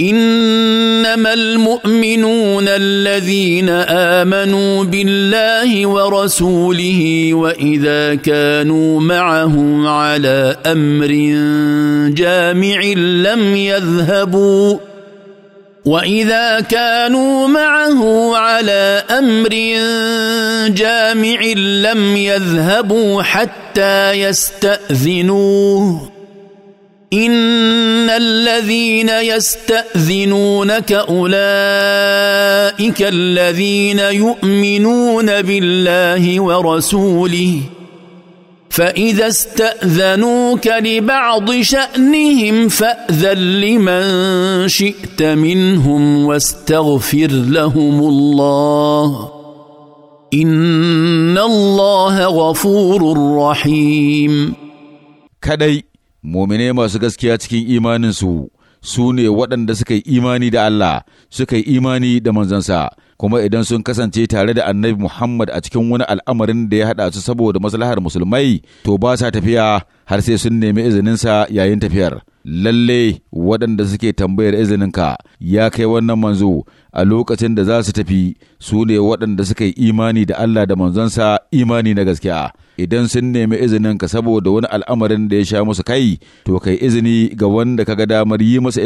انما المؤمنون الذين امنوا بالله ورسوله واذا كانوا معه على امر جامع لم يذهبوا واذا كانوا معه على امر جامع لم يذهبوا حتى يستاذنوه ان الذين يستاذنونك اولئك الذين يؤمنون بالله ورسوله فاذا استاذنوك لبعض شانهم فاذن لمن شئت منهم واستغفر لهم الله ان الله غفور رحيم كدي mumine masu gaskiya cikin imaninsu su ne waɗanda suka yi imani da Allah suka yi imani da manzansa kuma idan sun kasance tare da annabi Muhammad a cikin wani al'amarin da ya haɗa su saboda maslahar musulmai to ba sa tafiya har sai sun nemi izininsa yayin tafiyar. lalle waɗanda suke tambayar izininka ya kai wannan manzo a lokacin da za su tafi su ne waɗanda suka yi imani da Allah da manzonsa imani na gaskiya idan sun nemi izininka saboda wani al'amarin da ya sha musu kai to kai izini ga wanda kaga damar yi masa